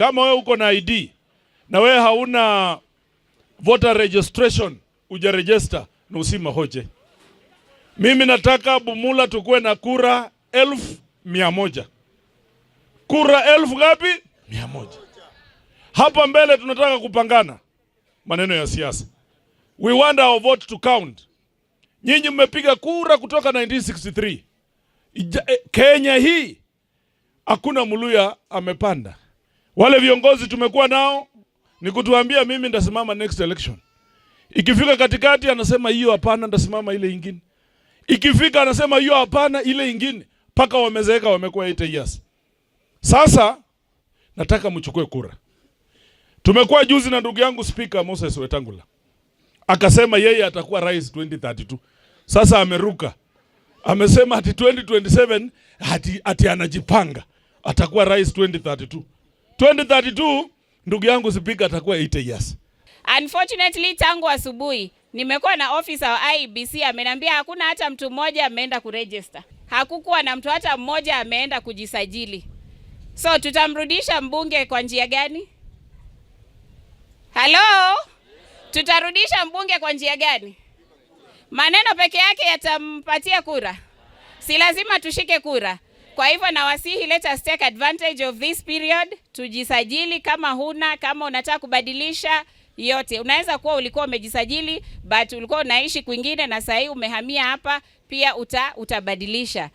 Kama wewe uko na ID na wewe hauna voter registration, ujarejista na usima hoje. Mimi nataka Bumula tukuwe na kura elfu mia moja kura elfu ngapi? Mia moja. Hapa mbele tunataka kupangana maneno ya siasa, we want our vote to count. Nyinyi mmepiga kura kutoka 1963 eh, Kenya hii hakuna Muluya amepanda wale viongozi tumekuwa nao ni kutuambia mimi ndasimama next election. Ikifika katikati anasema hiyo hapana, ndasimama ile ingine. Ikifika anasema hiyo hapana, ile ingine Paka wamezeeka, wamekuwa ite years. Sasa nataka mchukue kura. Tumekuwa juzi na ndugu yangu Speaker Moses Wetangula akasema yeye atakuwa rais 2032. Sasa ameruka amesema ati 2027 ati, ati anajipanga atakuwa rais 2032. 2032 ndugu yangu Spika atakuwa 80 years. Unfortunately, tangu asubuhi nimekuwa na ofisa wa IBC ameniambia hakuna hata mtu mmoja ameenda kuregister. Hakukuwa na mtu hata mmoja ameenda kujisajili. So tutamrudisha mbunge kwa njia gani? Halo? Tutarudisha mbunge kwa njia gani? Maneno peke yake yatampatia kura? Si lazima tushike kura. Kwa hivyo nawasihi, let us take advantage of this period, tujisajili. Kama huna kama unataka kubadilisha yote, unaweza kuwa ulikuwa umejisajili but ulikuwa unaishi kwingine na sahii umehamia hapa, pia uta utabadilisha.